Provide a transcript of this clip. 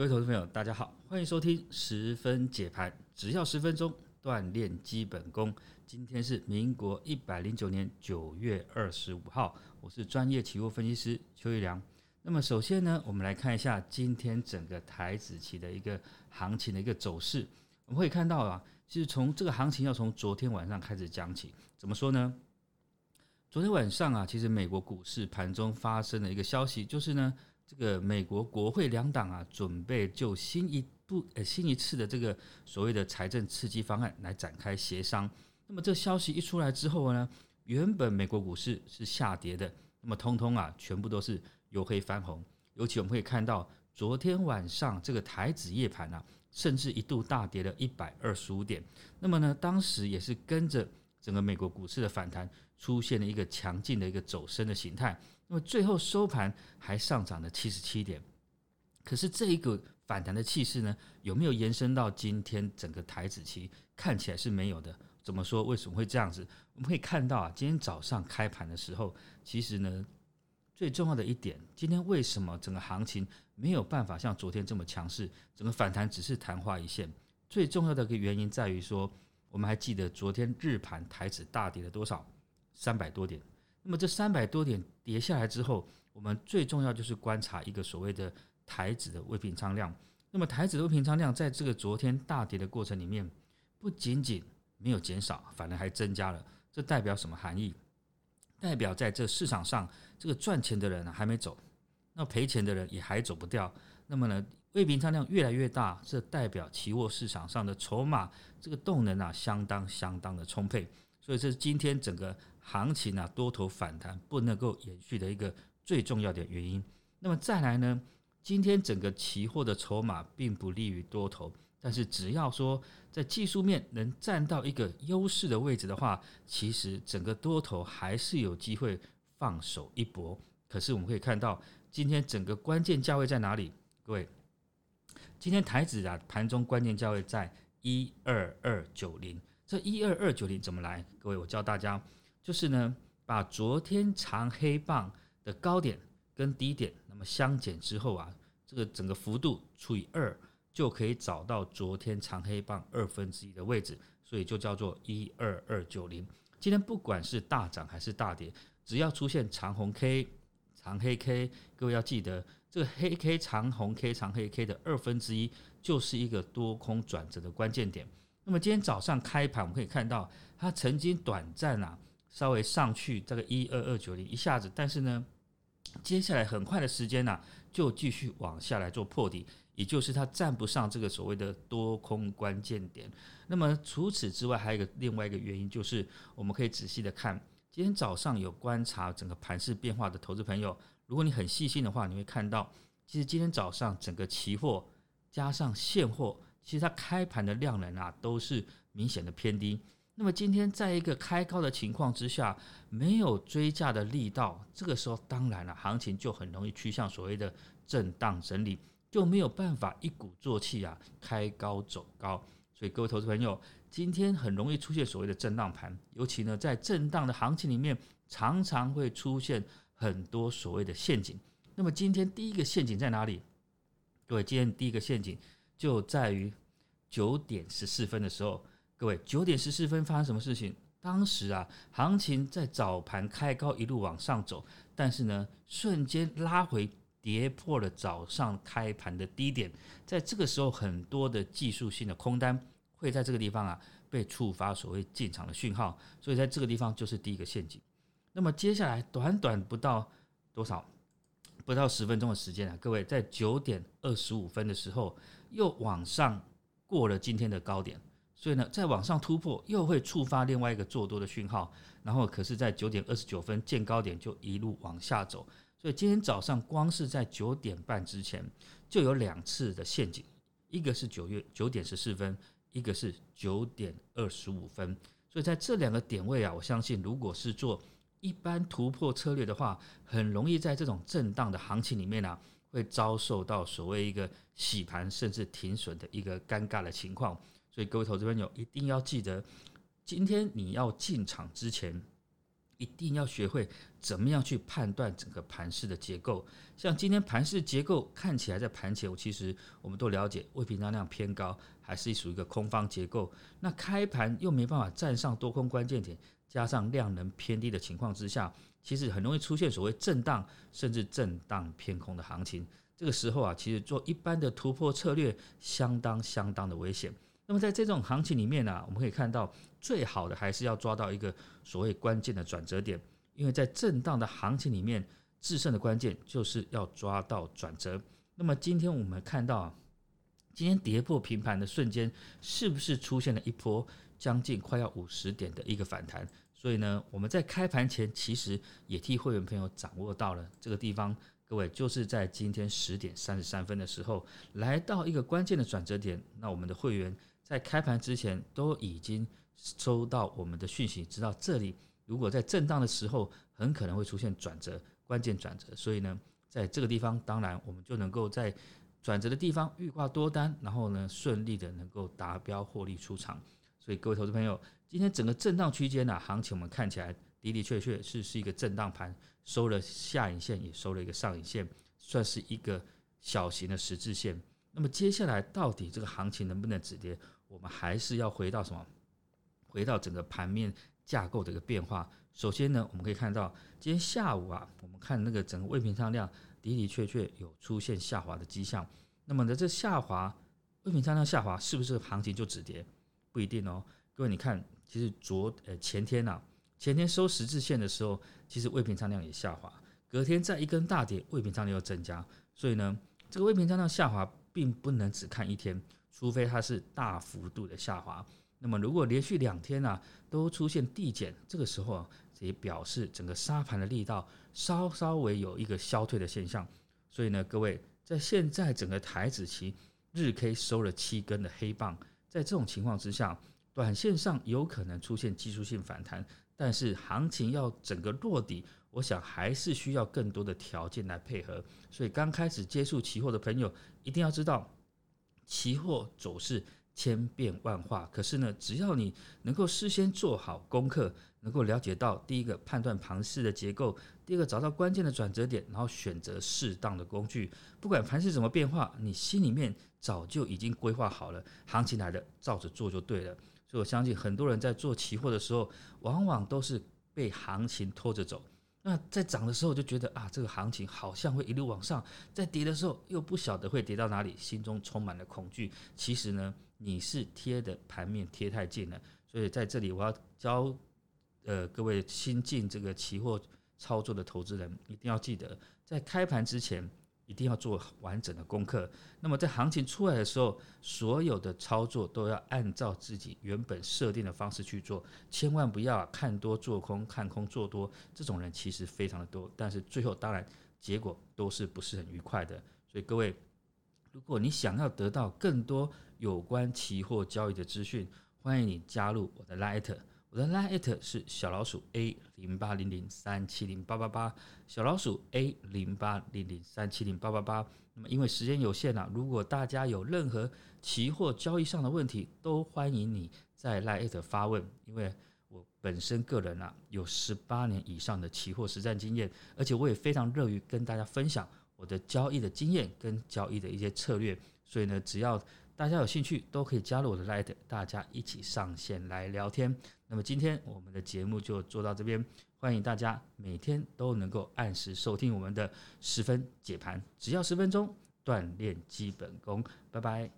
各位投資朋友，大家好，歡迎收聽十分解盤，只要十分鐘鍛鍊基本功。今天是民國一百零九年九月二十五號，我是專業期貨分析師邱玉良。那麼首先呢，我們來看一下今天整個台指期的一個行情的一個走勢。我們可以看到啊，其實從這個行情要從昨天晚上開始講起。怎麼說呢？昨天晚上啊，其實美國股市盤中發生了一個消息就是呢。這個美國國會兩黨啊，準備就新一步，呃新一次的這個所謂的財政刺激方案來展開協商。那麼這消息一出來之後呢，原本美國股市是下跌的，那麼通通啊，全部都是由黑翻紅。尤其我們可以看到，昨天晚上這個台指夜盤啊，甚至一度大跌了一百二十五點。那麼呢，當時也是跟着。整個美國股市的反彈出現了一個強勁的一個走升的形態，那麼最後收盤還上漲了七十七點。可是這一個反彈的氣勢呢，有沒有延伸到今天整個台指期？看起來是沒有的。怎麼說？為什麼會這樣子？我們可以看到啊，今天早上開盤的時候，其實呢，最重要的一點，今天為什麼整個行情沒有辦法像昨天這麼強勢？整個反彈只是曇花一現。最重要的一個原因在於說。我們還記得昨天日盤台指大跌了多少？三百多點。那麼這三百多點跌下來之後，我們最重要就是觀察一個所謂的台指的未平倉量。那麼台指的未平倉量在這個昨天大跌的過程裡面，不僅僅沒有減少，反而還增加了。這代表什麼含義？代表在這市場上，這個賺錢的人還沒走，那賠錢的人也還走不掉。那麼呢？未平倉量越來越大，這代表期貨市場上的籌碼這個動能啊，相當相當的充沛，所以這是今天整個行情啊多頭反彈不能夠延續的一個最重要的原因。那麼再來呢，今天整個期貨的籌碼並不利於多頭，但是只要說在技術面能佔到一個優勢的位置的話，其實整個多頭還是有機會放手一搏。可是我們可以看到，今天整個關鍵價位在哪裡？各位。今天台指啊，盤中關鍵價位在一二二九零。這一二二九零怎麼來？各位，我教大家，就是呢，把昨天長黑棒的高點跟低點，那麼相減之後啊，這個整個幅度除以二，就可以找到昨天長黑棒二分之一的位置，所以就叫做一二二九零。今天不管是大漲還是大跌，只要出現長紅 K，長黑 K，各位要記得，這個黑 K 長紅 K 長黑 K 的二分之一，2, 就是一個多空轉折的關鍵點。那麼今天早上開盤，我們可以看到它曾經短暫啊稍微上去這個一二二九零一下子，但是呢，接下來很快的時間呢、啊、就繼續往下來做破底，也就是它站不上這個所謂的多空關鍵點。那麼除此之外，還有一個另外一個原因就是，我們可以仔細的看。今天早上有觀察整個盤勢變化的投資朋友，如果你很細心的話，你會看到，其實今天早上整個期貨加上現貨，其實它開盤的量能啊都是明顯的偏低。那麼今天在一個開高的情況之下，沒有追價的力道，這個時候當然了啊，行情就很容易趨向所謂的震盪整理，就沒有辦法一鼓作氣啊開高走高。所以各位投資朋友，今天很容易出現所謂的震盪盤，尤其呢在震盪的行情裡面，常常會出現很多所謂的陷阱。那麼今天第一個陷阱在哪裡？各位，今天第一個陷阱就在於九點十四分的時候，各位九點十四分發生什麼事情？當時啊，行情在早盤開高一路往上走，但是呢，瞬間拉回。跌破了早上開盤的低點，在這個時候，很多的技術性的空單會在這個地方啊被觸發，所謂進場的訊號，所以在這個地方就是第一個陷阱。那麼接下來短短不到多少，不到十分鐘的時間啊，各位在九點二十五分的時候又往上過了今天的高點，所以呢，再往上突破又會觸發另外一個做多的訊號，然後可是，在九點二十九分見高點就一路往下走。所以今天早上光是在九點半之前就有兩次的陷阱，一個是九月九點十四分，一個是九點二十五分。所以在這兩個點位啊，我相信如果是做一般突破策略的話，很容易在這種震盪的行情裡面呢、啊，會遭受到所謂一個洗盤甚至停損的一個尷尬的情況。所以各位投資朋友一定要記得，今天你要進場之前。一定要學會怎麼樣去判斷整個盤勢的結構。像今天盤勢結構看起來在盤前，我其實我們都了解，未平倉量偏高，還是屬於一個空方結構。那開盤又沒辦法站上多空關鍵點，加上量能偏低的情況之下，其實很容易出現所謂震盪甚至震盪偏空的行情。這個時候啊，其實做一般的突破策略，相當相當的危險。那麼在這種行情裡面呢、啊，我們可以看到，最好的還是要抓到一個所謂關鍵的轉折點，因為在震盪的行情裡面，制勝的關鍵就是要抓到轉折。那麼今天我們看到、啊，今天跌破平盤的瞬間，是不是出現了一波將近快要五十點的一個反彈？所以呢，我們在開盤前其實也替會員朋友掌握到了這個地方。各位就是在今天十點三十三分的時候，來到一個關鍵的轉折點。那我們的會員。在開盤之前都已經收到我們的訊息，知道這裡如果在震盪的時候，很可能會出現轉折，關鍵轉折。所以呢，在這個地方，當然我們就能夠在轉折的地方預掛多單，然後呢，順利的能夠達標獲利出場。所以各位投資朋友，今天整個震盪區間呢，行情我們看起來的的確確是是一個震盪盤，收了下影線，也收了一個上影線，算是一個小型的十字線。那麼接下來到底這個行情能不能止跌？我們還是要回到什麼？回到整個盤面架構的一個變化。首先呢，我們可以看到今天下午啊，我們看那個整個未平倉量的的確確有出現下滑的跡象。那麼在這下滑，未平倉量下滑是不是行情就止跌？不一定哦。各位，你看，其實昨呃前天吶、啊，前天收十字線的時候，其實未平倉量也下滑。隔天再一根大跌，未平倉量又增加。所以呢，這個未平倉量下滑並不能只看一天。除非它是大幅度的下滑，那麼如果連續兩天呢、啊、都出現遞減，這個時候、啊、這也表示整個殺盤的力道稍稍微有一個消退的現象。所以呢，各位在現在整個台指期日 K 收了七根的黑棒，在這種情況之下，短線上有可能出現技術性反彈，但是行情要整個落底，我想還是需要更多的條件來配合。所以剛開始接觸期貨的朋友，一定要知道。期貨走勢千變萬化，可是呢，只要你能夠事先做好功課，能夠了解到第一個判斷盤勢的結構，第二個找到關鍵的轉折點，然後選擇適當的工具，不管盤勢怎麼變化，你心裡面早就已經規劃好了，行情來了照着做就對了。所以，我相信很多人在做期貨的時候，往往都是被行情拖着走。那在漲的時候就覺得啊，這個行情好像會一路往上；在跌的時候又不曉得會跌到哪裡，心中充滿了恐懼。其實呢，你是貼的盤面貼太近了，所以在這裡我要教呃各位新進這個期貨操作的投資人，一定要記得在開盤之前。一定要做完整的功課。那麼在行情出來的時候，所有的操作都要按照自己原本設定的方式去做，千萬不要看多做空，看空做多。這種人其實非常的多，但是最後當然結果都是不是很愉快的。所以各位，如果你想要得到更多有關期貨交易的資訊，歡迎你加入我的 Line@，我的 Line@ 是小老鼠 A。零八零零三七零八八八，88，小老鼠 A 零八零零三七零八八八。那麼因為時間有限啊，如果大家有任何期貨交易上的問題，都歡迎你在 Line@ 發問。因為我本身個人啊，有十八年以上的期貨實戰經驗，而且我也非常樂於跟大家分享我的交易的經驗跟交易的一些策略。所以呢，只要大家有興趣都可以加入我的 Line，大家一起上線來聊天。那麼今天我們的節目就做到這邊，歡迎大家每天都能夠按時收聽我們的十分解盤，只要十分鐘鍛鍊基本功。拜拜。